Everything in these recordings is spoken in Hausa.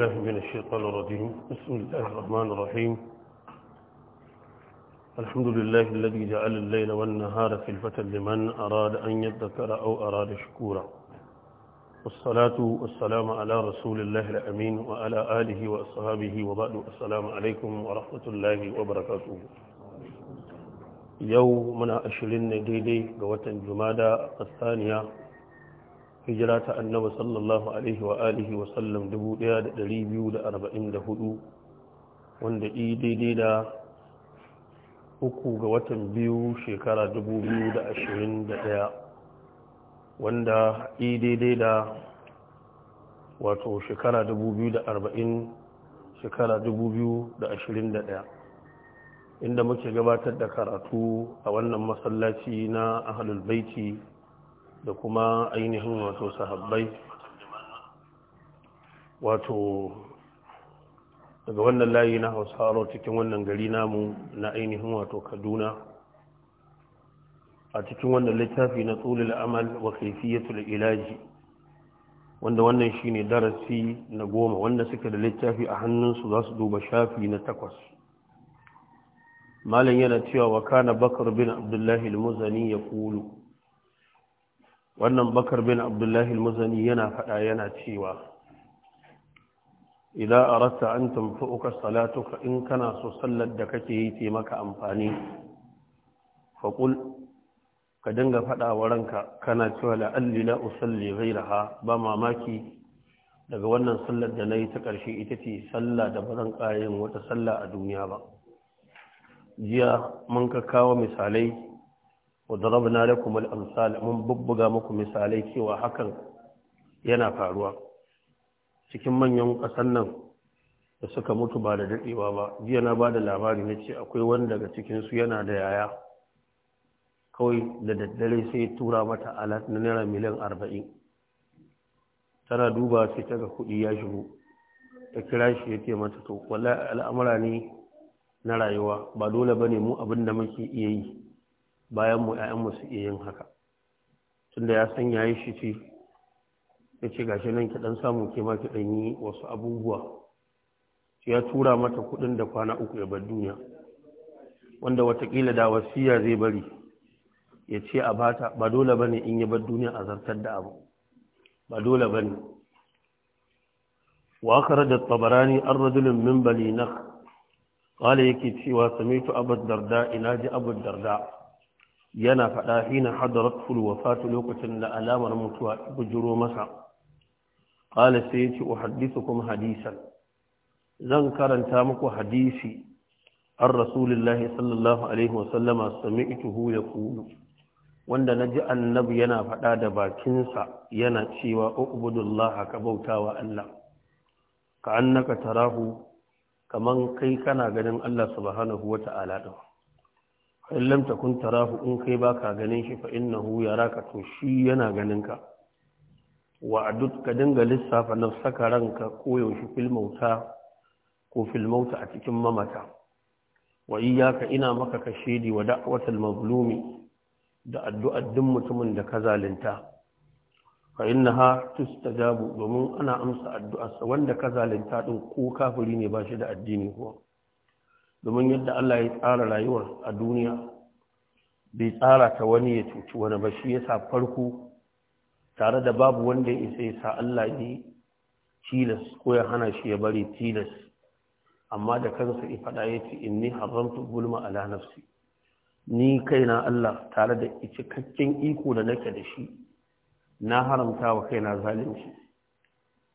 بالله من الشيطان الرجيم بسم الله الرحمن الرحيم الحمد لله الذي جعل الليل والنهار خلفة لمن أراد أن يذكر أو أراد شكورا والصلاة والسلام على رسول الله الأمين وعلى آله وأصحابه وبعد السلام عليكم ورحمة الله وبركاته يومنا أشرين ديدي قوة جمادة الثانية hijira ta annaba sallallahu alaihi wa alihi wa sallam 1244 wanda yi daidai da uku ga watan biyu shekara 2021 wanda yi daidai da wato shekara 2040 shekara 2021 inda muke gabatar da karatu a wannan masallaci na ahalul baiti da kuma ainihin wato sahabbai wato daga wannan layi na hausaro cikin wannan gari namu na ainihin wato kaduna a cikin wannan littafi na tsulil amal wa kaifiyatul ilaji wanda wannan shine darasi na goma wanda suke da littafi a hannunsu za su duba shafi na takwas malam yana cewa wa kana bakar bin abdullahi al-muzani ya kulu wannan bakar bin abdullahi al-muzani yana faɗa yana cewa idza aratta an tanfa'uka salatuka in kana so sallar da kake yi ce maka amfani Faƙul, ka dinga faɗa wa ranka kana cewa la'alli la usalli ghayraha ba mamaki daga wannan sallar da nayi ta ƙarshe ita ce sallah da bazan kayin wata sallah a duniya ba jiya mun ka kawo misalai wa لكم الامثال من ببغا mun مثالي muku misalai cewa hakan yana faruwa cikin manyan kasan nan da suka mutu ba da dadewa ba jiya na bada labari na ce akwai wani daga cikin su yana da yaya kawai da daddare sai tura mata alat na naira miliyan arba'in tana duba sai ta ga kuɗi ya shigo ta kira shi ya ce mata to wallahi al'amura ne na rayuwa ba dole ba ne mu abin da muke iya yi bayan mu ‘ya’yan su iya yin haka tunda ya san ya yi shi ce ya ce gashi nan kiɗan samun kema kiɗan yi wasu abubuwa ya tura mata kuɗin da kwana uku ya bar duniya wanda watakila da wasiya zai bari ya ce a bata ba dole ne in ya bar duniya a zartar da abu ba dole ne wa aka rada tabarani an rajul min na qala yake cewa samitu abu darda ina ji abu darda yana faɗa hina hadarat wafatu lokacin da alamar mutuwa bujiro masa qala sai yace kuma hadisan zan karanta muku hadisi an rasulillahi sallallahu alaihi wasallama sami'tuhu yaqulu wanda ji annabi yana faɗa da bakinsa yana cewa ubudullah ka bautawa Allah ka annaka tarahu kaman kai kana ganin Allah subhanahu wata'ala din in lam takun tarahu in kai baka ganin shi fa innahu yaraka to shi yana ganin ka wa adud ka dinga lissafa nafsaka ranka koyaushe fil mauta ko fil mauta a cikin mamata wa iyyaka ina maka kashedi wa da'watal mazlumi da addu'ar duk mutumin da ka zalunta fa innaha tustajabu domin ana amsa addu'arsa wanda ka zalunta din ko kafiri ne ba shi da addini ko domin yadda Allah ya tsara rayuwar a duniya bai tsara ta wani ya cuci wani ba shi yasa farko tare da babu wanda ya isa sa Allah ya tilas ko ya hana shi ya bari tilas amma da kansa ya faɗa ya ce inni haramtu gulma ala nafsi ni kaina Allah tare da cikakken iko da nake da shi na haramta wa kaina zalunci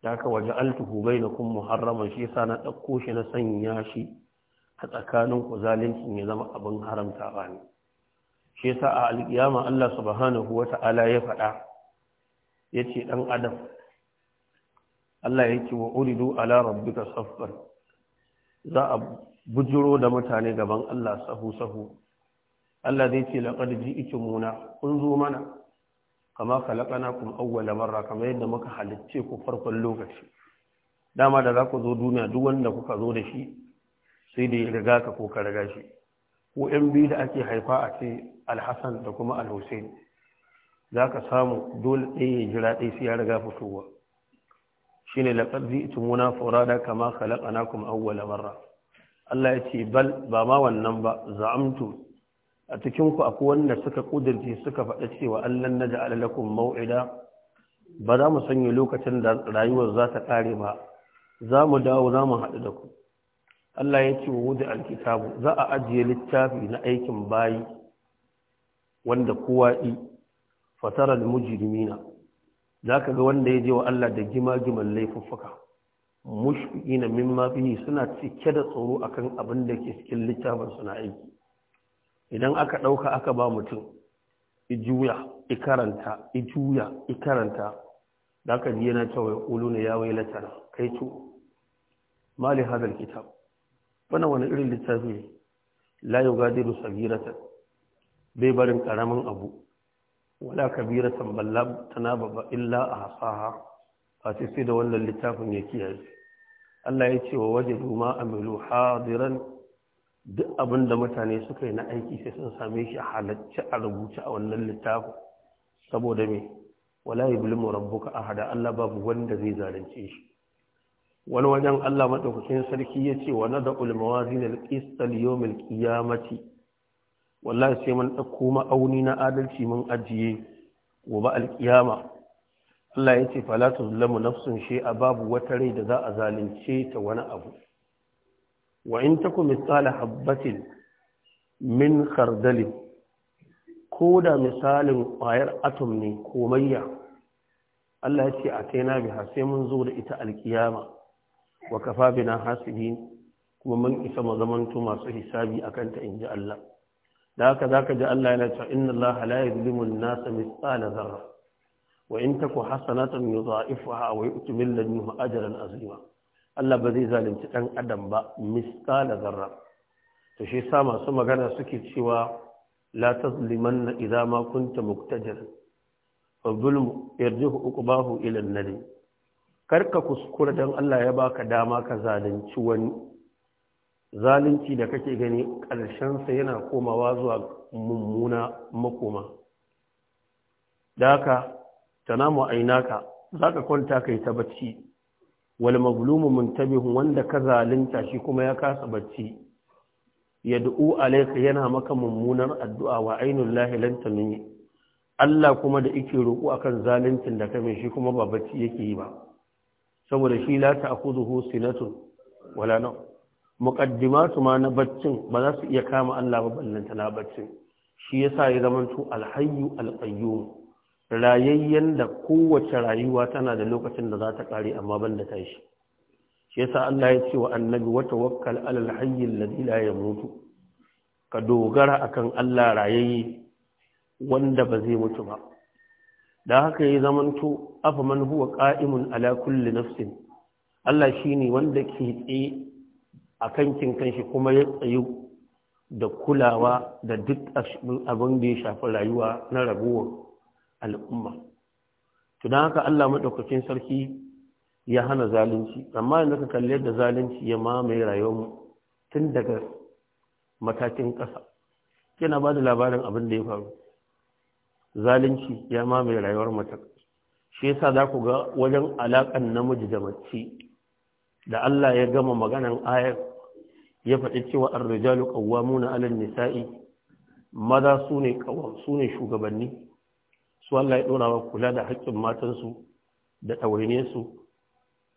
da aka waje altuhu bainakum kun muharraman shi yasa na ɗauko shi na sanya shi a tsakanin ku zalincin ya zama abin haramta ne shi yasa a alƙiyama Allah subhanahu wata'ala ya faɗa yace dan adam Allah yake wa uridu ala rabbika saffan za a bujuro da mutane gaban Allah sahu sahu Allah zai ce laqad muna kun zo mana kama khalaqnakum awwala marra kamar yadda muka halicce ku farkon lokaci dama da za ku zo duniya duk wanda kuka zo da shi sai da ya riga ka ko ka riga shi ko yan biyu da ake haifa a ce alhassan da kuma alhussein za ka samu dole ɗaya ya jira ɗaya sai ya riga fitowa shi ne laƙar zitumuna furada kama na kuma awwala marra Allah ya ce bal ba ma wannan ba za'amtu a cikin ku akwai wanda suka kudirce suka faɗa cewa Allah na ja'ala lakum mau'ida ba za mu sanya lokacin da rayuwar za ta ƙare ba za mu dawo za mu haɗu da ku Allah ya ce wa wuda alkitabu za a ajiye littafi na aikin bayi wanda kowa yi fasarar mujrimina za ka ga wanda ya je wa Allah da gima-giman laifuffuka na min mafi suna cike da tsoro akan abin da ke cikin littafin suna aiki idan aka ɗauka aka ba mutum ijuya ikaranta ijuya ikaranta da aka ji yana cewa ya ƙulu na yawai latara kai tu mali hadar kitab wannan wani irin littafi ne la yugadiru sagirata bai barin karamin abu wala kabiratan balla tana babba illa a fati sai da wannan littafin ya kiyaye Allah ya ce wa wajadu ma amilu hadiran duk abin da mutane suka yi na aiki sai sun same shi halacci a rubuce a wannan littafin saboda me wala yublimu rabbuka ahada Allah babu wanda zai zalunce shi wani wajen Allah maɗaukacin sarki ya ce wa nada ulmawazin alqistal yawmil qiyamati wallahi sai mun ɗauko ma'auni na adalci mun ajiye gobe alƙiyama. Allah ya ce fala tuzlamu nafsun a babu wata rai da za a zalunce ta wani abu wa in takum misali habbatin min khardalin ko da misalin ƙwayar atom ne komayya Allah ya ce a kaina biha sai mun zo da ita alkiyama wa kafa bina hasibin kuma mun isa mu zamanto masu hisabi akan ta inji Allah da haka zaka ji Allah yana cewa inna Allah la yuzlimu an-nasa mithqala dharra wa in taku hasanatan yudha'ifuha wa yu'ti min ajran azima Allah ba zai zalunci dan adam ba mithqala dharra to shi yasa masu magana suke cewa la tazlimanna idza ma kunta muqtadir wa zulmu yarjihu uqbahu ila an-nar karka kuskura don Allah ya baka dama ka zalunci wani zalunci da kake gani ƙarshensa yana komawa zuwa mummuna makoma da haka tanamu ainaka za ka kwanta ka yi ta bacci wal mazlumu muntabihun wanda ka zalunta shi kuma ya kasa bacci ya du'u alaika yana maka mummunar addu'a wa ainul lahi lan Allah kuma da yake roƙo akan zaluncin da kame shi kuma ba bacci yake yi ba saboda shi la ta'khudhuhu sinatun wala nawm muqaddimatu ma na baccin ba za su iya kama Allah ba ballanta na baccin shi yasa ya zamanto alhayyu alqayyum rayayyen da kowace rayuwa tana da lokacin da za ta kare amma banda ta shi shi yasa Allah ya ce wa annabi wa tawakkal alal hayy ladhi la yamutu ka dogara akan Allah rayayye wanda ba zai mutu ba da haka ya zamanto afa man huwa ƙa'imun ala kulli nafsin Allah shi ne wanda ke tsaye a kankin kanshi kuma ya tsayu da kulawa da duk abin da ya shafi rayuwa na rabuwar al'umma to haka Allah maɗaukacin sarki ya hana zalunci amma yanzu ka kalli yadda zalunci ya mamaye rayuwar tun daga matakin ƙasa yana ba da labarin abin da ya faru zalunci ya mamaye rayuwar mutum shi yasa za ku ga wajen alaƙan namiji da mace da Allah ya gama maganan ayar ya faɗi cewa ar-rijalu qawwamuna 'ala an-nisa'i maza su ne su ne shugabanni su Allah ya dora wa kula da haƙƙin matansu da ɗawainiyarsu su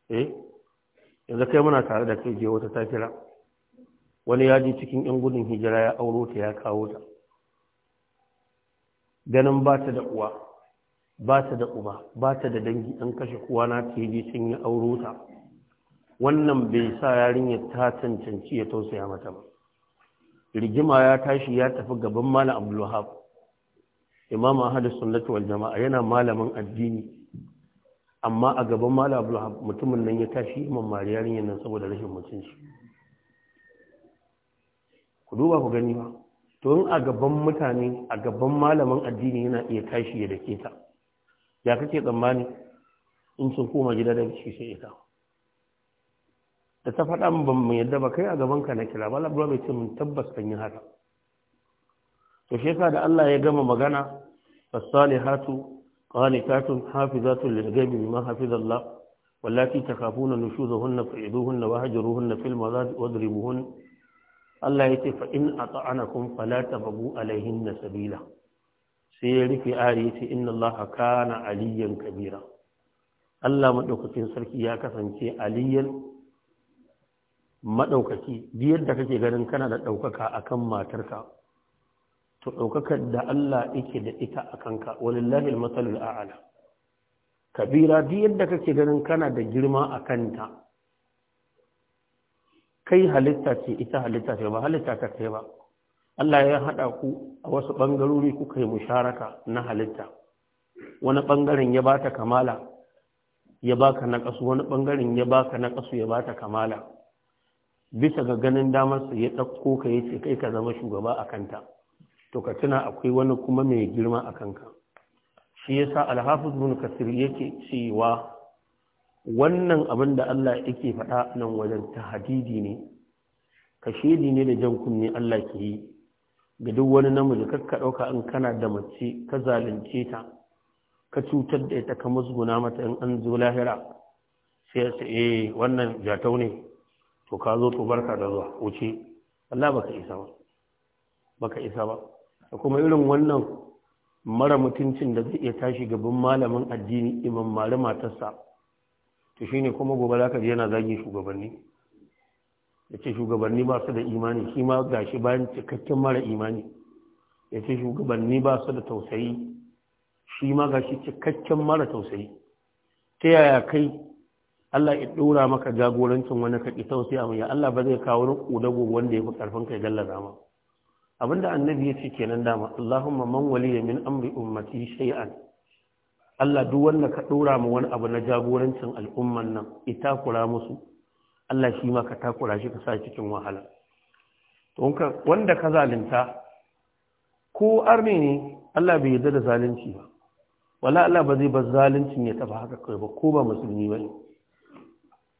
eh yanzu kai muna tare da kai je wata tafira wani ya cikin 'yan gudun hijira ya auro ta ya kawo ta ganin ba ta da uwa ba ta da uba ba ta da dangi an kashe kowa na ta yi sun yi auro ta wannan bai sa yarinyar ta cancanci ya tausaya mata ba rigima ya tashi ya tafi gaban malam abdulwahab imam ahadu sunnatu wal jama'a yana malamin addini amma a gaban malam abdulwahab mutumin nan ya tashi imam yarinyar nan saboda rashin mutunci ku duba ku gani ba to in a gaban mutane a gaban malaman addini yana iya tashi ya dake ta ya kake tsammani in sun koma gida da shi sai ita da ta faɗa min ban mu yadda ba kai a gaban ka na kira ba la bai ce mun tabbas kan yi haka to shi yasa da Allah ya gama magana fasalihatu qanitatun hafizatun lilghaibi bima hafizallah wallati takafuna nushuzuhunna fa'iduhunna wahjuruhunna fil madad wadribuhunna Allah ya ce fa in ata'anakum fala tabagu alaihin sabila sai ya rufe ari ya ce inna Allah kana aliyan kabira Allah madaukakin sarki ya kasance aliyan madaukaki biyar da kake ganin kana da daukaka akan matarka to daukakar da Allah ike da ita kanka. Wani walillahi almasalul a'la kabira biyar da kake ganin kana da girma a kanta. kai halitta ce ita halitta ce ba halitta ta kai ba Allah ya haɗa ku a wasu bangarori kuka yi musharaka na halitta wani ɓangaren ya bata kamala ya baka na kasu wani ɓangaren ya baka na kasu ya bata kamala bisa ga ganin damar su ya dauko ka yace kai ka zama shugaba a kanta to ka tuna akwai wani kuma mai girma a kanka shi yasa alhafiz ibn kasir yake cewa wannan abin da Allah yake faɗa nan wajen ta hadidi ne kashedi ne da jan kunne Allah ke yi ga duk wani namiji kakka ɗauka in kana da mace ka zalunce ta ka cutar da ita ka musguna mata in an zo lahira sai ya ce eh wannan jatau ne to ka zo to barka da zuwa wuce Allah baka isa ba baka isa ba da kuma irin wannan mara mutuncin da zai iya tashi gaban malamin addini imam malama matarsa to ne kuma gobe za je yana zagin shugabanni ya ce shugabanni ba su da imani shi ma gashi bayan cikakken mara imani ya ce shugabanni ba su da tausayi shi ma gashi cikakken mara tausayi ta yaya kai Allah ya ɗora maka jagorancin wani tausayi a mai Allah ba zai kawo wani ƙudago wanda ya fi ƙarfin kai gallaza ma abinda annabi ya ce kenan dama Allahumma man waliya min amri ummati shay'an Allah duk wanda ka ɗora mu wani abu na jagorancin al'umman nan ita kura musu Allah shi ma ka takura shi ka sa cikin wahala wanda ka zalunta ko arme ne Allah bai yarda da zalunci ba wala Allah ba zai bar zaluncin ya tafi haka kai ba ko ba musulmi ba ne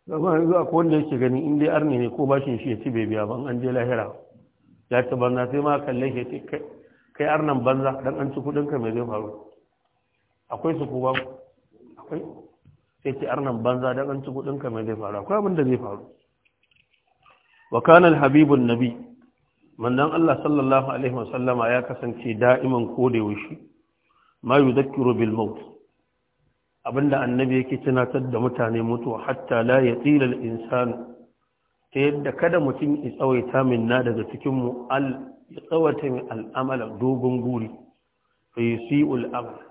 zama yanzu a wanda yake gani in dai arne ne ko bashin shi ya ci bai biya ban an je lahira ya ci banza sai ma kalle shi kai arnan banza dan an ci kuɗinka mai zai faru akwai su kuwa? akwai sai ce arnan banza don an ci kudin ka mai zai faru akwai abin da zai faru wa kana habibun nabi manzon Allah sallallahu alaihi wasallama ya kasance da'iman da yaushe ma yudhakkiru bil maut abinda annabi yake tunatar da mutane mutuwa hatta la yatila al insan ta yadda kada mutum ya tsawaita min na daga cikin mu al ya tsawata min al'amala dogon guri fa yusi'ul amal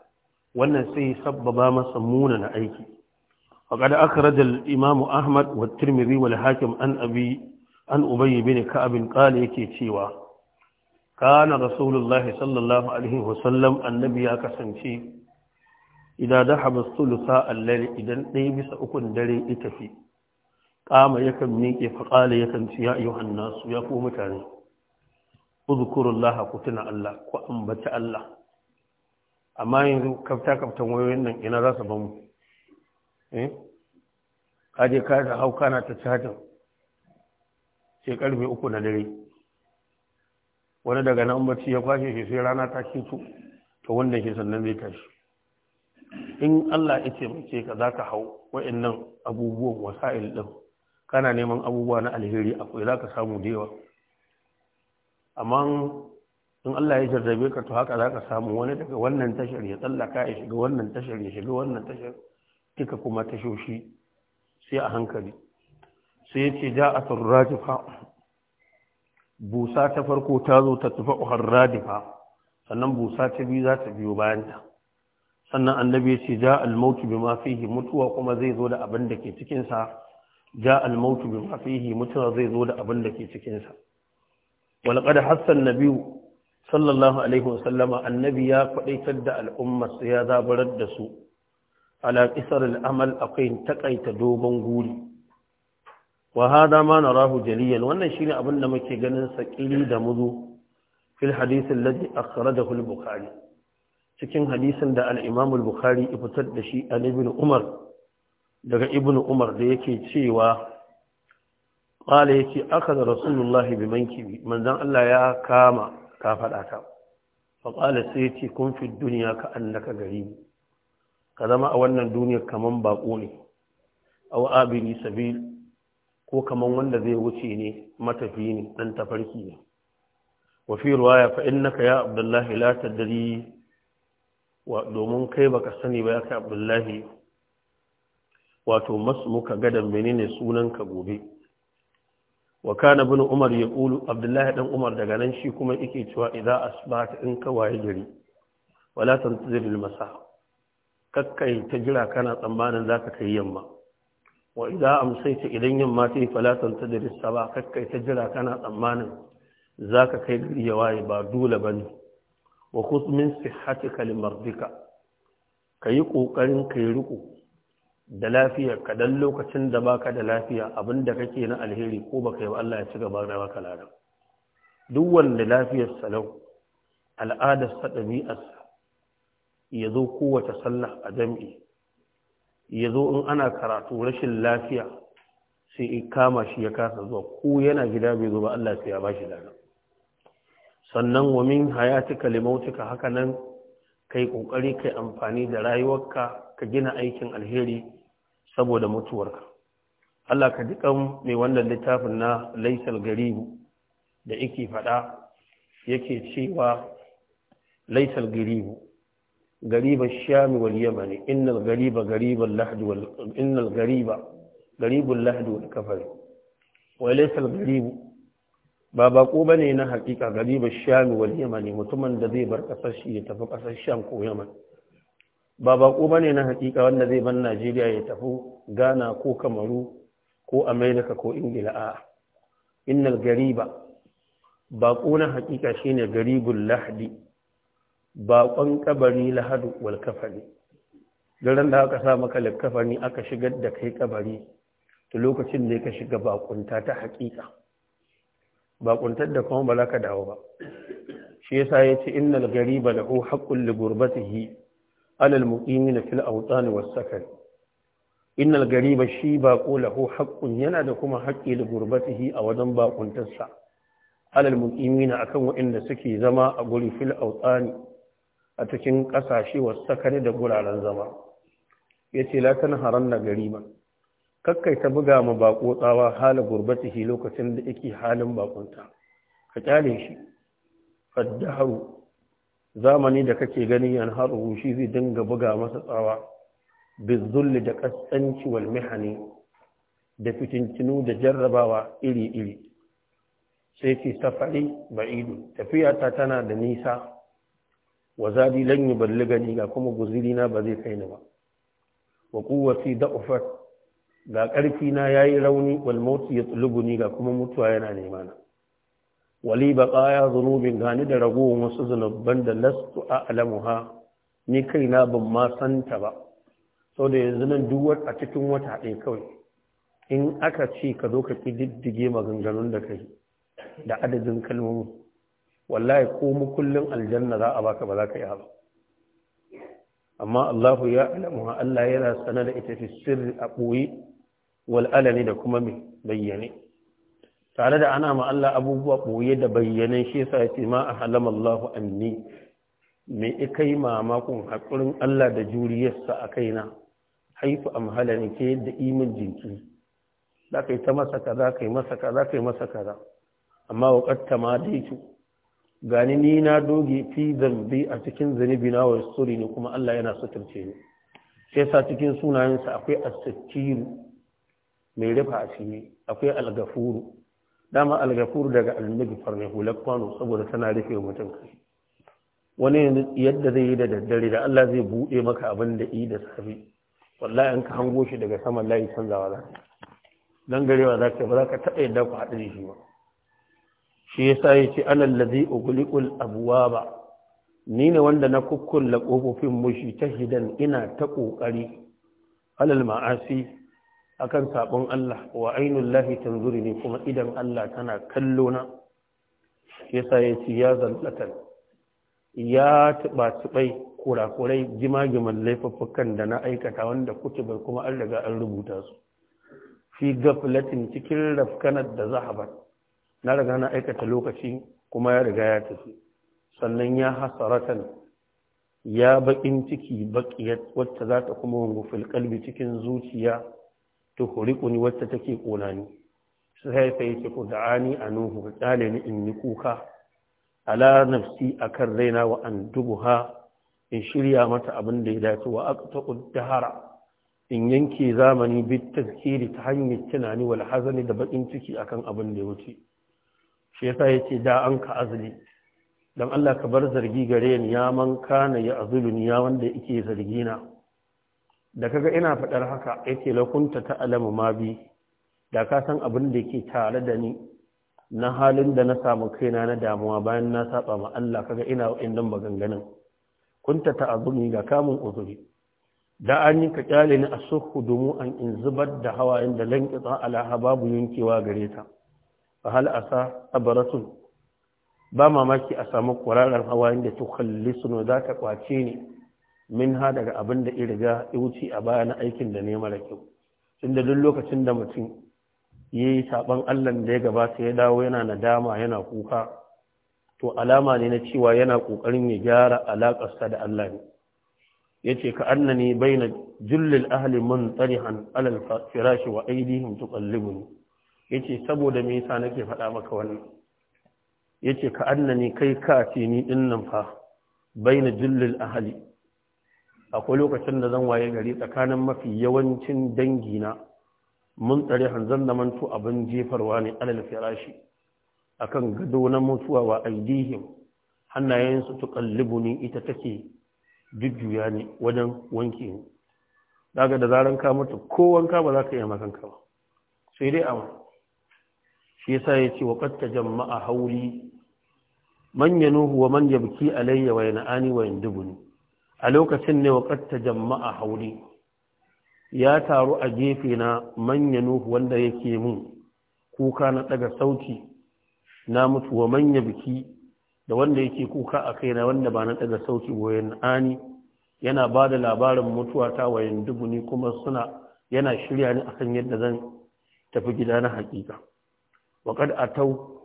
wannan sai sabbaba masa munan aiki faqad akhraj al imam ahmad wa tirmidhi wal hakim an abi an ubay bin ka'ab qal yake cewa kana rasulullah sallallahu alaihi wa sallam annabi ya kasance idan dahaba thulutha al layl idan dai bisa ukun dare ita fi qama yakan miƙe faqala yakan ce ya ayuhan nas ya ku mutane uzkurullah kutuna allah ku ambaci allah amma yanzu kafta kaftan wayoyin nan ina za su ba mu eh kaje ka da hau kana ta chatin sai karfe uku na dare wani daga nan bacci ya kwashe shi sai rana ta shi to wanda ke sannan zai tashi in Allah ya taimake ka za hau wa'annan abubuwan wasa'il din kana neman abubuwa na alheri akwai za samu da yawa amma in Allah ya jarrabe ka to haka za ka samu wani daga wannan tashar ya tsallaka ya shiga wannan tashar ya shiga wannan tashar Kika kuma tasho shi sai a hankali sai ya ce ja a turrajifa busa ta farko ta zo ta tufa uhar radifa sannan busa ta biyu za ta biyo bayanta sannan annabi ya ce ja mautu bi ma fihi mutuwa kuma zai zo da abin da ke cikinsa ja almautu bi ma fihi mutuwa zai zo da abin da ke cikinsa walqad hassa annabiyu sallallahu alaihi wasallama annabi ya faɗaitar da al'ummarsa ya zabarar da su ala ƙisar al'amal akwai taƙaita dogon guri wa hada ma na rahu jaliyan wannan shine abin da muke ganin saƙili da muzu fil hadisin laji akhrajahu al-bukhari cikin hadisin da al-imam bukhari fitar da shi an ibn umar daga ibn umar da yake cewa qala yake da rasulullahi bimankibi manzon Allah ya kama ka faɗa ta faƙala sai yace ce kun fi duniya ka annaka gari ka zama a wannan duniyar kaman baƙo ne aw abiri sabil ko kaman wanda zai wuce ne matafi ne dan tafarki ne wa fi riwaya fa innaka ya abdullahi la tadri wa domin kai baka sani ba ya kai abdullahi wato masu masmuka gadan menene sunanka gobe wa kana bin umar ya ƙulu abdullahi ɗan umar daga nan shi kuma yake cewa idan asibata in ka waye gari wala tantaziril masa kakkai ta jira kana tsammanin za ka kai yamma wa idan amsaita idan yamma ta yi ta tantaziril saba kakkai ta jira kana tsammanin za ka kai gari ya waye ba dole ba ne wa kusmin sihhatika limardika ka yi ƙoƙarin ka yi riƙo da lafiya kaɗan lokacin da baka da lafiya abinda kake na alheri ko baka yi Allah ya ci gaba da baka lada duk wanda lafiyar salau al'adar sa dabi'ar ya zo kowace sallah a jami'i ya zo in ana karatu rashin lafiya sai in kama shi ya kasa zuwa ko yana gida bai zo ba Allah sai ya bashi lada sannan wa min hayatika limautika haka nan kai kokari kai amfani da rayuwarka ka gina aikin alheri saboda mutuwarka Allah ka dukan mai wannan littafin na laisal garibu da yake fada yake cewa laisal garibu gariba sham wal yaman innal gariba lahd wal innal gariba garibul lahd wal kafar wa laisal garibu ba bako bane na hakika garibar shami wal yamani mutumin da zai bar kasar shi ya tafi kasar sham ko yaman ba bako bane na hakika wanda zai bar najeriya ya tafi ghana ko kamaru ko Amerika ko ingila a innal gariba bako na hakika shine garibul lahdi bakon kabari lahadu wal kafani daren da aka sa maka lakafani aka shigar da kai kabari to lokacin da ka shiga bakunta ta hakika ba da kuma ba za ka dawo ba shi yasa ya ce innal gariba lahu haqqun li gurbatihi alal muqimina fil awtan was sakan innal ba shi baqo lahu haqqun yana da kuma haƙƙi li gurbatihi a wajen bakuntarsa alal na akan waɗanda suke zama a guri fil awtan a cikin ƙasashe was da guraren zama yace la gari ba. kakkai ta buga ma bako tsawa hala shi lokacin da yake halin bakonta ka kyale shi faddahu zamani da kake gani an haru shi zai dinga buga masa tsawa bizzulli da kasanci wal mihani da fitintinu da jarrabawa iri iri sai ki safari ba'idu tafiyata tana da nisa wa zadi lan yuballigani ga kuma na ba zai kai ni ba wa quwwati da'ufat ga ƙarfi na ya yi rauni wal ya yatlubuni ga kuma mutuwa yana nema na wali ƙaya zunubin gani da ragowar wasu zunuban da lastu a'lamuha ni kaina ban ma santa ba Sau da yanzu nan duk a cikin wata ɗaya kawai in aka ce ka zo ka kididdige maganganun da kai da adadin kalmomi wallahi ko mu kullum aljanna za a baka ba za ka yi ba amma Allahu ya alamu Allah yana sanar da ita fi sirri a ɓoye wal'alani da kuma mai bayyane tare da ana Allah abubuwa ɓoye da bayyanan shi sa ya ce ma a halamallahu anni mai ikai mamakon haƙurin Allah da juriyarsa a kaina haifu amhalani ke yadda imin jinki za ka yi ta masa kaza ka yi masa kaza ka yi masa kaza amma wa ƙatta ma daiki gani ni na doge fi zambi a cikin zunubi na wasu ne kuma Allah yana suturce ne sai sa cikin sunayensa akwai asattiru mai rufa asiri akwai algafuru dama algafuru daga annabi farne hulakwano saboda tana rufe mutum kai wani yadda zai yi da daddare da Allah zai buɗe maka abin da yi da safe wallahi an ka hango shi daga saman layi canzawa za ka dan garewa za ka ba za ka taɓa yadda ku haɗu da shi ba shi yasa ya ce ana lazi uguliƙul abuwa ni ne wanda na kukkulla kofofin mushi ta hidan ina ta ƙoƙari alal ma'asi akan sabon Allah wa ainul lahi tanzuri ne kuma idan Allah tana kallo na yasa ya ce ya zallatan ya tuba tubai kurakurai jimagiman laifafukan da na aikata wanda kutubai kuma an riga an rubuta su fi gaflatin cikin rafkanar da zahabar na riga na aikata lokaci kuma ya riga ya tafi sannan ya hasaratan ya baƙin ciki bakiyar wacce za ta kuma wangufil kalbi cikin zuciya tuhriquni wacce take kona ni sai sai ce ku ani anuhu ka ni in yi kuka ala nafsi akan raina wa an dubuha in shirya mata abin da ya dace wa aqta'u dahara in yanke zamani bi tazkiri ta hanyar tunani wal hazani da bakin ciki akan abin da ya wuce shi yasa yace da an ka azli dan Allah ka bar zargi gare ni ya man kana ya azuluni ya wanda yake na. da kaga ina faɗar haka yake lakunta ta alamu ma bi da ka san abin da ke tare da ni na halin da na samu kaina na damuwa bayan na saba ma Allah kaga ina wa'annan maganganun kunta ta azumi ga kamun uzuri da an yi ka kyale ni a suhu domin an in zubar da hawayen da lankitsa alaha babu yankewa gare ta fa hal asa ba mamaki a samu kwararar hawayen da tukhallisu za ta kwace ni min ha daga abin da riga ya wuce a baya na aikin da ne mara kyau da duk lokacin da mutum ya yi saɓan allan da ya gabata ya dawo yana nadama yana kuka to alama ne na cewa yana ƙoƙarin ya gyara alaƙarsa da allah ne ya ce ka annani bai na jullil ahalin mun tsarihan alal firashi wa aidihim tuqallibuni ya ce saboda me yasa nake faɗa maka wannan ya ce ka annani kai ka ce ni ɗin nan fa bai na jullil ahali. akwai lokacin da zan waye gari tsakanin mafi yawancin dangina mun tsare hanzar da manto abin jefarwa ne alal firashi akan gado na mutuwa wa aidihim hannayensu tuqallibu ni ita take jujjuya ne wajen wanke ne daga da zarar ka mutu ko wanka ba za ka iya makan ka ba sai dai amma shi yasa ya ce wa katta jama'a hauli man yanuhu wa man yabki alayya wa yanani wa yandubuni a lokacin ne waƙar ta jama'a hauri ya taru a gefe na manya nuhu wanda yake mun kuka na ɗaga sauti na mutuwa manya biki da wanda yake kuka a kai na wanda ba na ɗaga sauti goyon ani yana ba da labarin mutuwa ta wayan ni kuma suna yana shirya ni akan yadda zan tafi gida na hakika waƙar a tau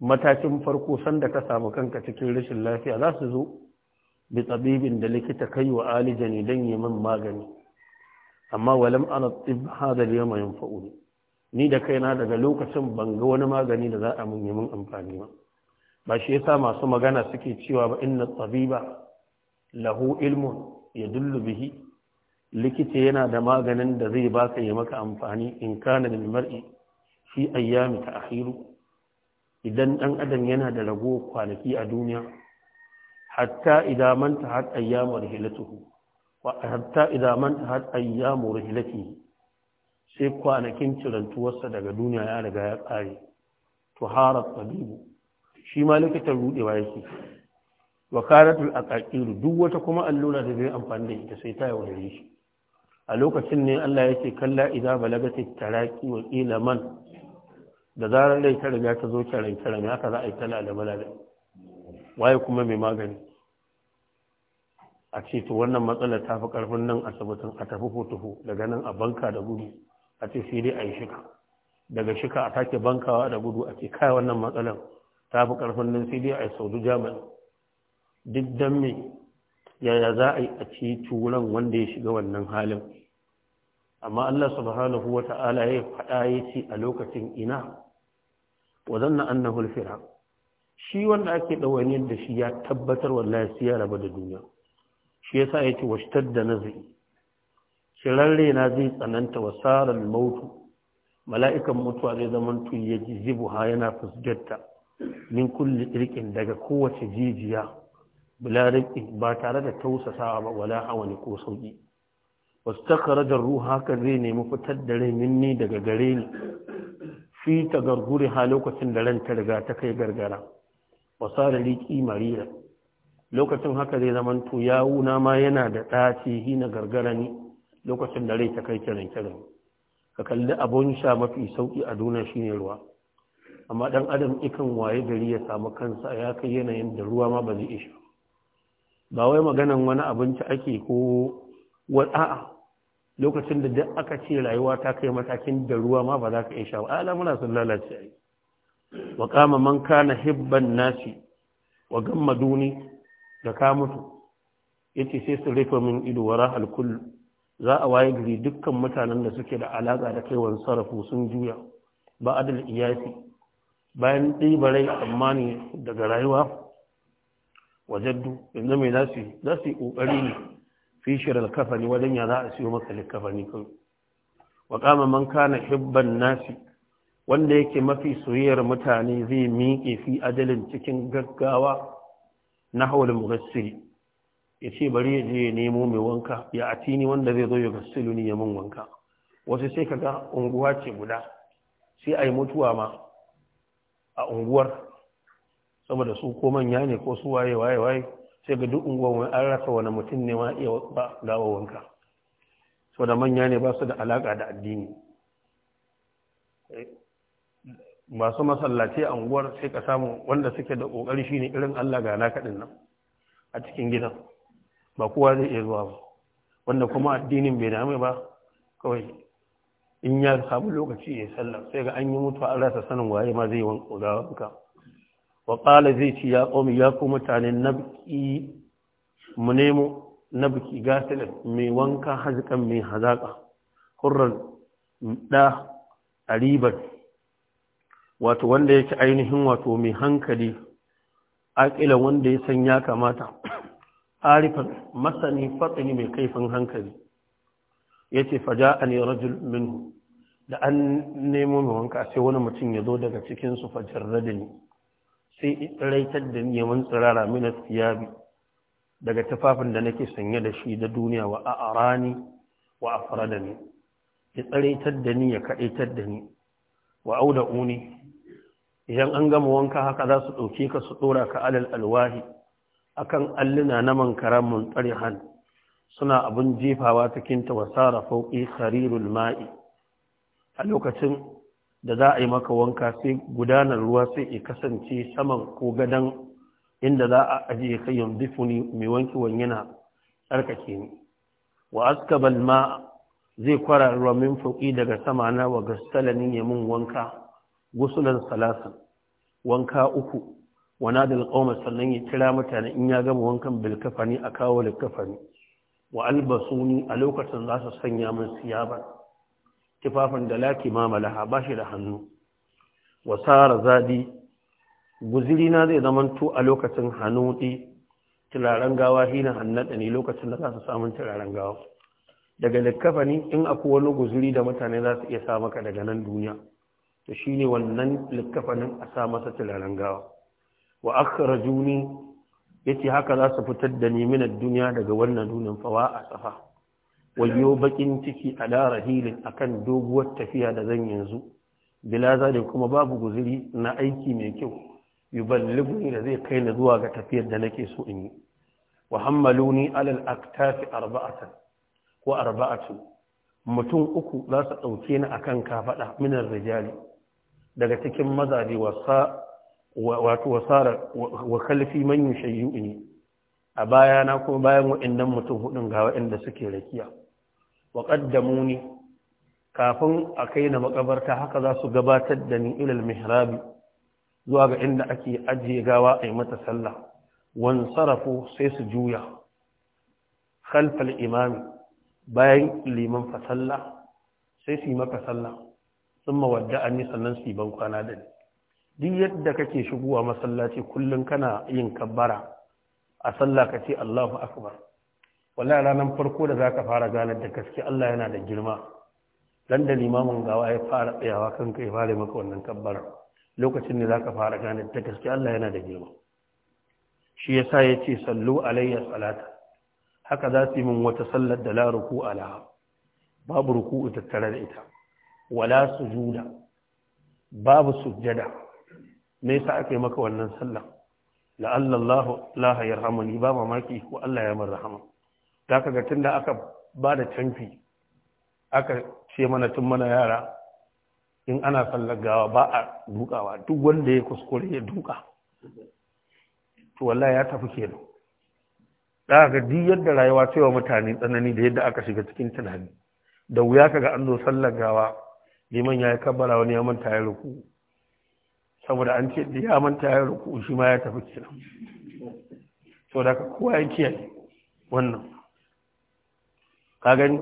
matakin farko sanda ka samu kanka cikin rashin lafiya za su zo bi tsabibin da likita kai wa alijani don yi min magani amma walam ana tsib hada ne yin ni da kaina daga lokacin ban ga wani magani da za a mun yi min amfani ba ba shi yasa masu magana suke cewa ba inna tsabiba lahu ilmun ya dullu bihi likita yana da maganin da zai baka yi maka amfani in kana da mar'i fi ayyami ta ahiru idan ɗan adam yana da rago kwanaki a duniya hatta idan man ta had ayyamu rihlatuhu wa hatta idan ta had ayyamu rihlatihi sai kwanakin cirantuwarsa daga duniya ya riga ya kare to harat tabibu shi ma likitan rudewa yake wakaratul aqaqiru duk wata kuma allura da zai amfani da ita sai ta yaudare shi a lokacin ne Allah yake kalla idan balagati taraqi wa qila man da zarar dai ta riga ta zo kiran kiran haka za a yi tana da waye kuma mai magani a ce to wannan matsalar ta fi karfin nan asibitin a tafi hutu daga nan a banka da gudu a ce sai dai a yi shika daga shika a take bankawa da gudu a ce kai wannan matsalar ta fi karfin nan sai dai a yi saudu jami'a. duk dan me yaya za a yi a ce turan wanda ya shiga wannan halin amma Allah subhanahu wa ta'ala ya faɗa ya ce a lokacin ina wa zanna annahu al shi wanda ake dawani da shi ya tabbatar wallahi sai ya raba da duniya shi yasa yace da nazri shirar na zai tsananta wa wasaral mautu mala'ikan mutuwa zai zama tun ya ji zibu ha yana fusgarta min kulle irkin daga kowace jijiya bila ba tare da tausasa ba wala wani ko sauƙi. wasu da ruha haka zai nemi fitar da rai minni daga gare ni fi ta gargure ha lokacin da ranta riga ta kai gargara wasarar liƙi Mariya. lokacin haka zai zaman to wuna ma yana da ɗaci na gargara ni lokacin da rai ta kai kiran kiran ka kalli abun sha mafi sauki a duniya shine ruwa amma dan adam ikan waye gari ya samu kansa ya kai yanayin da ruwa ma ba zai isha ba wai maganan wani abinci ake ko a'a lokacin da duk aka ce rayuwa ta kai matakin da ruwa ma ba za ka isha ba al'amura sun lalace ai wa kama man kana hibban nasi wa gammaduni da ka mutu yake sai su rufe min ido wara alkul za a waye gari dukkan mutanen da suke da alaƙa da kaiwan sarrafu sun juya ba adal iyasi bayan ɗibarai amma ne daga rayuwa wajaddu yanzu mai za su za su yi ƙoƙari ne fi shirar kafani wajen ya za a siyo maka likafani kan wa kama man kana hibban nasi wanda yake mafi soyayyar mutane zai miƙe fi adalin cikin gaggawa na da mugassiri ya ce bari ya je ya nemo mai wanka ya atini wanda zai zo ya gassilu ni ya mun wanka wasu sai ga unguwa ce guda sai a yi mutuwa ma a unguwar saboda su ko manya ne ko su waye waye waye sai ga duk unguwar wani an rasa wani mutum ne ma iya ba gawa wanka saboda manya ne ba su da alaka da addini eh, masu masallaci a unguwar sai ka samu wanda suke da kokari shine irin Allah ga naka nan a cikin gidan ba kowa zai iya zuwa ba wanda kuma addinin bai dame ba kawai in ya samu lokaci ya sallar sai ga an yi mutuwa a rasa sanin waye ma zai wanka wanka wa qala zai ci ya qawmi ya ku mutanen nabki mu nemo nabki gasilin mai wanka hazikan mai hazaka hurran da ribar. wato wanda yake ainihin wato mai hankali aƙila wanda ya san ya kamata arifan masani fatsini mai kaifin hankali ya ce faja a ne rajul minhu da an nemo mai wanka sai wani mutum ya zo daga cikinsu fajar radini sai raitar da neman tsirara mina siyabi daga tafafin da nake sanye da shi da duniya wa a arani wa a faradani ya tsaraitar da ni ya kaɗaitar da ni wa auda uni idan an gama wanka haka za su ɗauke ka su ɗora ka alal alwahi akan alluna na mankaran muntsarihan suna abin jefawa cikin tawasara fauƙi sarirul ma'i a lokacin da za a yi maka wanka sai gudanar ruwa sai ya kasance saman ko gadon inda za a ajiye kayan difuni mai wanki wanyana tsarkake ni wa askabal ma zai kwara min fauƙi daga sama na wa gastalani ya mun wanka gusulan salasa wanka uku wana da alƙawar sannan ya kira mutane in ya gama wankan bilkafani a kawo likafani wa albasuni a lokacin za su sanya min siyaba tufafin da laki mamala ba shi da hannu wa tsara zaɗi na zai zamanto a lokacin ɗi turaren gawa shi na hannada ne lokacin da za su samun turaren gawa daga likafani in akwai wani guziri da mutane za su iya sa maka daga nan duniya to shine wannan likkafanin a sa masa turaren gawa wa ya ce haka za su fitar da ni duniya daga wannan dunin fawa a tsafa. Wayyo bakin ciki ala a akan doguwar tafiya da zan yanzu bila ne kuma babu guziri na aiki mai kyau yuballighuni da zai kai ni zuwa ga tafiyar da nake so in yi wa hammaluni alal aktafi arba'atan ko arba'atu mutum uku za su ɗauke ni akan kafaɗa minar rijali daga cikin mazaje wato wasara wa kalfi man yushayyuni a bayana kuma bayan waɗannan mutum hudun ga waɗanda suke rakiya wa ne. kafin a kai na makabarta haka za su gabatar da ni ilal mihrabi zuwa ga inda ake ajiye gawa a yi mata sallah wan sarafu sai su juya khalfal imami bayan liman fasalla sai su yi maka sallah sun mawadda an sannan su ban kwana da duk yadda kake shigowa masallaci kullum kana yin kabbara a sallah ka ce Allahu akbar wallahi ranar farko da zaka fara gane da gaske Allah yana da girma dan da limamin gawa ya fara tsayawa kanka ya fara maka wannan kabbara lokacin ne zaka fara gane da gaske Allah yana da girma shi yasa yace sallu alayya salata haka za su yi min wata sallar da la ruku alaha babu ruku'u tattare da ita wala sujuda babu sujada. me yasa aka yi maka wannan sallah la'alla Allah la ni ba mamaki ko Allah ya min rahama da kaga tunda aka ba da canfi aka ce mana tun mana yara in ana sallar gawa ba a dukawa duk wanda ya kuskure ya duka to wallahi ya tafi kenan da ga duk yadda rayuwa cewa mutane tsanani da yadda aka shiga cikin tunani da wuya kaga an zo sallar gawa liman ya yi kabbara wani ya manta ya ruku saboda an ce da ya manta ya ruku shi ma ya tafi kira. so da kowa ya kiyar wannan ka gani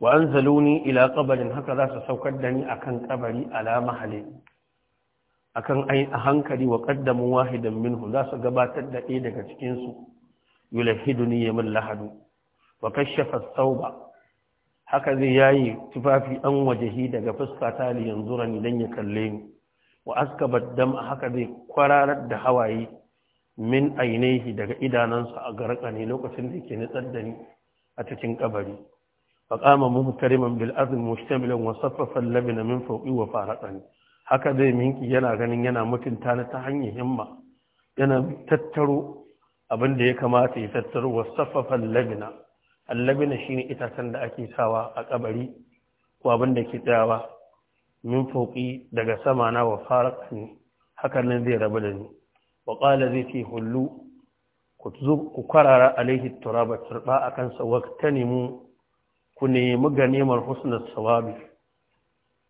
wa an zaluni ila kabarin haka za su saukar da ni akan kabari alama mahali akan a hankali wa kaddamin wahidan minhu za su gabatar da ɗaya daga cikinsu yulahidu ya min lahadu wa kashafa sauba haka zai yayi tufafi an wajahi daga fuska ta li ni dan ya kalle ni wa askabat dam haka zai kwararar da hawaye min ainihi daga idanansa a garka ne lokacin da yake nitsar da ni a cikin kabari fa qama muhtariman bil azm mustamilan wa saffafa labina min fawqi wa faraqani haka zai minki yana ganin yana mutunta ni ta hanyar himma yana tattaro abin da ya kamata ya tattaro wa saffafa labina allabina shine itacen da ake sawa a kabari ko abin da ke tsayawa min fauki daga sama na wa ne, hakan nan zai rabu da ni wa zai ce hullu ku kwarara alaihi turaba turba akan sa waktanimu ku nemi ganimar husnul sawabi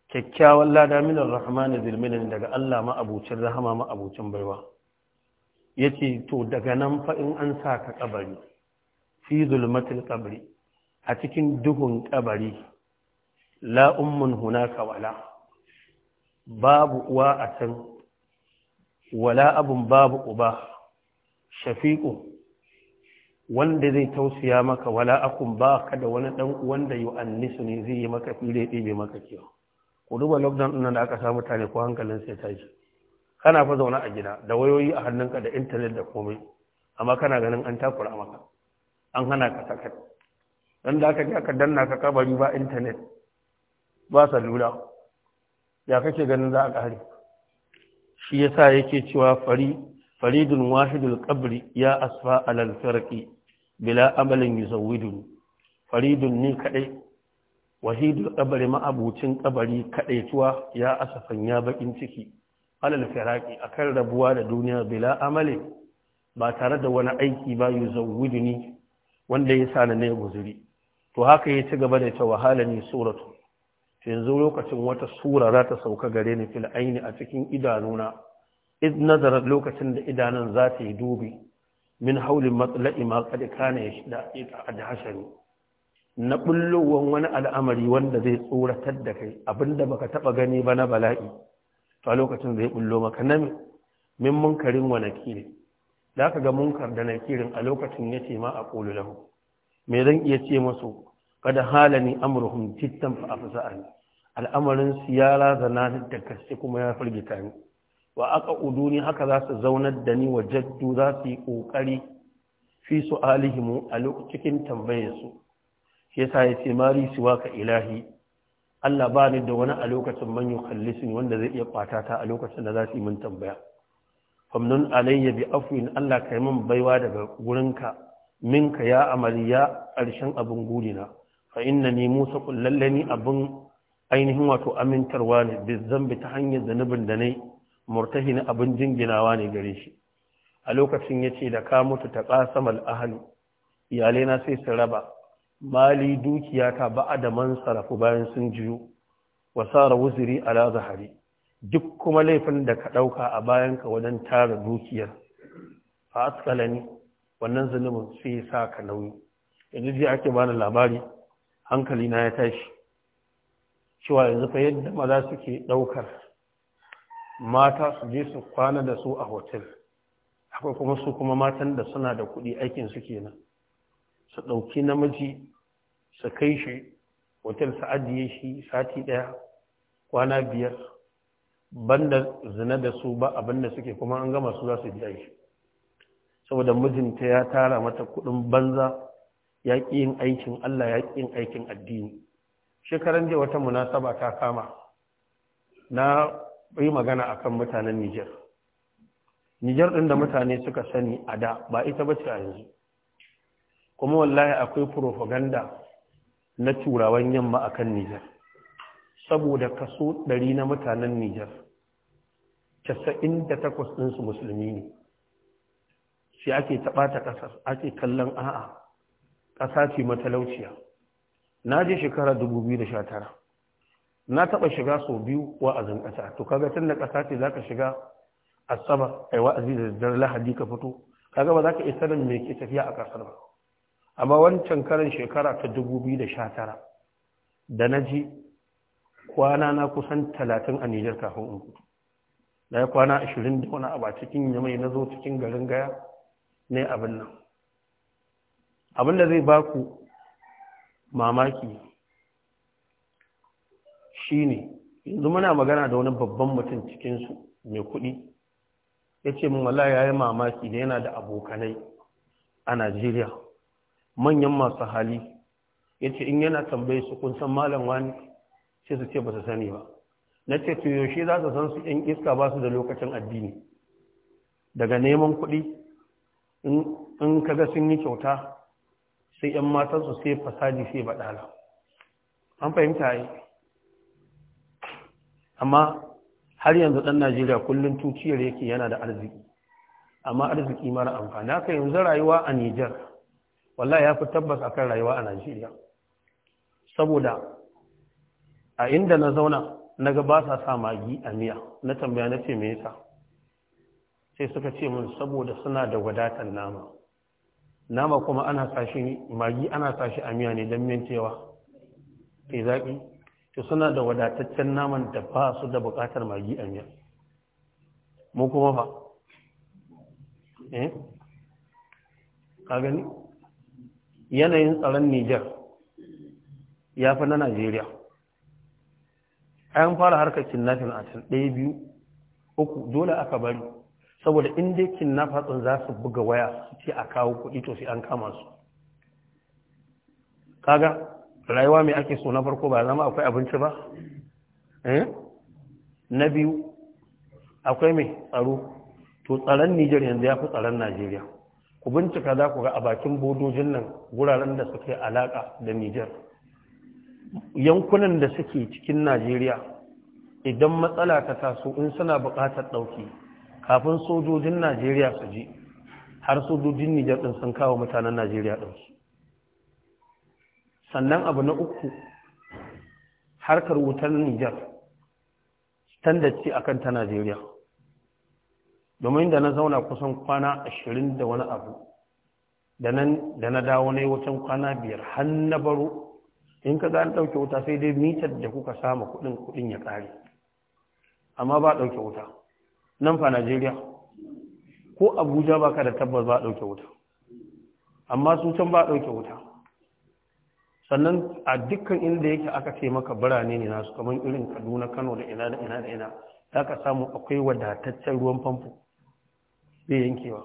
kyakkyawan lada minar rahmanu zilminin daga Allah ma'abucin rahama ma'abucin baiwa ya ce to daga nan fa'in an sa ka ƙabari fi zulmatul qabri a cikin duhun kabari la ummun hunaka wala babu uwa a can wala abun babu uba shafiqu wanda zai tausaya maka wala akun ba ka da wani dan wanda yu'annisu ne zai yi maka fire ɗebe maka kiyo ku duba lockdown ɗin da aka sa mutane ko hankalin sai tashi kana fa zaune a gida da wayoyi a hannunka da intanet da komai amma kana ganin an takura maka an hana ka sakat dan da aka ji aka danna ka kabari ba intanet ba salula ya kake ganin za a kare shi yasa yake cewa fari faridun wahidul qabri ya asfa alal farqi bila amalin yuzawidun faridun ni kadai wahidul qabri ma ƙabari kaɗai kadai tuwa ya asafan ya bakin ciki alal farqi akan rabuwa da duniya bila amali ba tare da wani aiki ba yuzawiduni wanda ya sa na guzuri to haka ya ci gaba da ta wahala ne suratu yanzu lokacin wata sura za ta sauka gare ni fil aini a cikin idanuna id lokacin da idanun za ta yi dubi min haulin matsala'i ma kad kana ya shida ita na bullowan wani al'amari wanda zai tsoratar da kai abinda baka taba gani ba na bala'i to a lokacin zai bullo maka na min munkarin wa ne. da aka ga munkar da nakirin a lokacin ya ce ma a ƙolu lahu me zan iya ce masu kada halani amurhum tittan fa afza'ani al'amarin su ya razana da gaske kuma ya firgita ni wa aka ni haka za su zaunar da ni wa jaddu za su yi ƙoƙari fi su alihimu a cikin tambayarsu shi yasa ya ce mari siwa ka ilahi Allah ba ni da wani a lokacin man yukhallisuni wanda zai iya kwata ta a lokacin da za su yi min tambaya famnun alayya bi afwin Allah kai min baiwa daga gurinka minka ya amali ya ƙarshen abin gurina fa inna ni musa kullallani abin ainihin wato amintarwa ne bi zambi ta hanyar zanubin da nai murtahin abin jinginawa ne gare shi a lokacin ya ce da ka mutu ta ƙasamal ahalu iyalai na sai su raba mali dukiya ta ba'a da man sarafu bayan sun jiyo wasara wuziri ala zahari duk kuma laifin da ka ɗauka a bayanka wajen tara dukiyar a askala ne wannan zunubin sai sa ka nauyi yanzu ji ake bani labari hankali na ya tashi cewa yanzu fa yadda maza suke ɗaukar mata su je su kwana da su a hotel akwai kuma su kuma matan da suna da kuɗi aikin su kenan su ɗauki namiji su kai shi hotel su ajiye shi sati ɗaya kwana biyar banda zina da su ba abinda suke kuma an gama su za su biya shi saboda mijinta ya tara mata kuɗin banza ya ƙi yin aikin Allah ya ƙi yin aikin addini shekaran jiya wata munasaba ta kama na yi magana akan mutanen Nijar Nijar ɗin da mutane suka sani a da ba ita ba ce a yanzu kuma wallahi akwai propaganda na turawan yamma akan Nijar saboda kaso ɗari na mutanen Nijar, casa'in da takwas ɗinsu musulmi ne, shi ake taɓata ƙasar, ake kallon a'a, ƙasa ce matalauciya. Na je shekara 2019, na taɓa shiga sau biyu wa'azin ƙasa, to kaga tun da ƙasa ce za ka shiga asaba a yi wa'azi da daddare lahadi ka fito, kaga ba za ka isa nan mai tafiya a ƙasar ba. Amma wancan karan shekara ta 2019 da na ji kwana na kusan talatin a Nijar kafin in gudu. Na yi kwana ashirin da wani abu a cikin yamai na zo cikin garin gaya ne abin nan. Abin da zai baku mamaki shi ne, yanzu muna magana da wani babban mutum cikinsu mai kuɗi. Ya ce min wala ya yi mamaki da yana da abokanai a Najeriya, manyan masu hali. Ya ce in yana tambaye su kun san malam wani sai su ce ba su sani ba na ce to yaushe za su san su ɗin iska ba su da lokacin addini daga neman kuɗi in kaga sun yi kyauta sai yan matansu sai fasadi sai baɗala an fahimta yi amma har yanzu ɗan najeriya kullum tuciyar yake yana da arziki amma arziki mara amfani haka yanzu rayuwa a nijar wallahi ya fi tabbas akan rayuwa a najeriya saboda a inda na zauna na ga ba sa sa magi a miya na tambaya na ce me yasa sai suka ce min saboda suna da wadatar nama nama kuma ana sashi magi ana sashi a miya ne don mintewa ke zaƙi to suna da wadataccen naman da ba su da buƙatar magi a miya mu kuma fa eh? ka gani yanayin tsaron Nijar ya fi na Najeriya an fara harkar kidnapping a can ɗaya biyu uku dole aka bari saboda in dai kidnapper ɗin za su buga waya su ce a kawo kuɗi to sai an kama su kaga rayuwa mai ake so na farko ba zama akwai abinci ba eh? na biyu akwai mai tsaro to tsaron Nijar yanzu ya fi tsaron Najeriya ku bincika za ku ga a bakin bodojin nan wuraren da suke alaƙa da Nijar yankunan da suke cikin najeriya idan matsala ta taso in suna buƙatar ɗauki kafin sojojin najeriya su je, har sojojin nijar ɗin sun kawo mutanen najeriya ɗinsu sannan abu na uku harkar wutar nijar standard ce akan ta najeriya domin da na zauna kusan kwana ashirin da wani abu da na dawo na yi kwana biyar har na baro in ka gani ɗauke wuta sai dai mitar da kuka samu kuɗin kuɗin ya ƙare amma ba ɗauke wuta nan fa najeriya ko abuja ba ka da tabbas ba ɗauke wuta amma su can ba ɗauke wuta sannan a dukkan inda yake aka ce maka birane ne nasu kamar irin kaduna kano da ina da ina da ina za ka samu akwai wadataccen ruwan famfo bai yankewa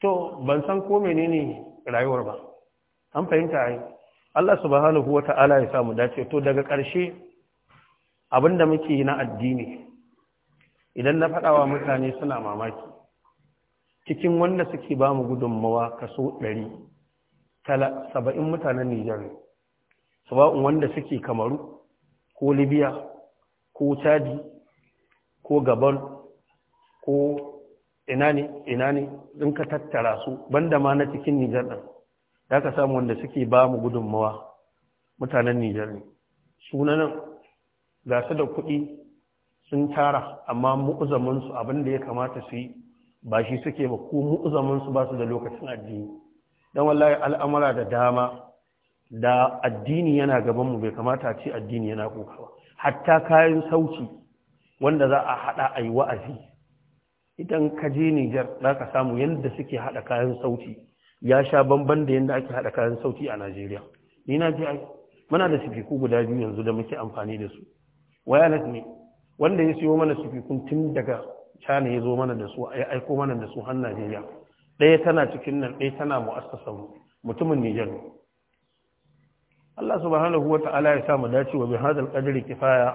to ban san ko menene rayuwar ba an fahimta ai Allah subhanahu wa ta'ala ya samu dace to daga ƙarshe abinda muke yi na addini idan na faɗawa mutane suna mamaki cikin wanda suke ba mu gudunmawa kaso ɗari saba'in mutanen Nijar ne saba'in wanda suke kamaru ko libya ko chadi ko gabon ko ina ne ina ne in ka tattara su banda ma na cikin nijar ɗin da ka samu wanda suke ba mu gudunmawa mutanen Nijar ne sunanan ga su da kuɗi sun tara amma mu'uzaminsu abin da ya kamata su yi ba shi suke ba ko mu'uzamansu ba su da lokacin addini don wallahi al'amura da dama da addini yana gabanmu bai kamata ce addini yana kuka ba hatta kayan sauci wanda za a haɗa a yi wa'azi idan ka je Nijar za ka samu yadda suke haɗa kayan sauci ya sha bamban da yadda ake haɗa kayan sauti a Najeriya. Ni na ji ai, muna da sifiku guda biyu yanzu da muke amfani da su. Wayanet ne, wanda ya siyo mana sifikun tun daga China ya zo mana da su, ya aiko mana da su har Najeriya. Ɗaya tana cikin nan, ɗaya tana mu'assasa mutumin Nijar. Allah subhanahu wa ta'ala ya sa mu dace wa bi hadal qadri kifaya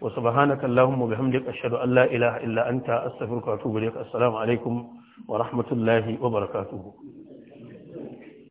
wa subhanaka allahumma bihamdika ashhadu an la ilaha illa anta astaghfiruka wa atubu ilaik assalamu alaikum wa rahmatullahi wa barakatuhu.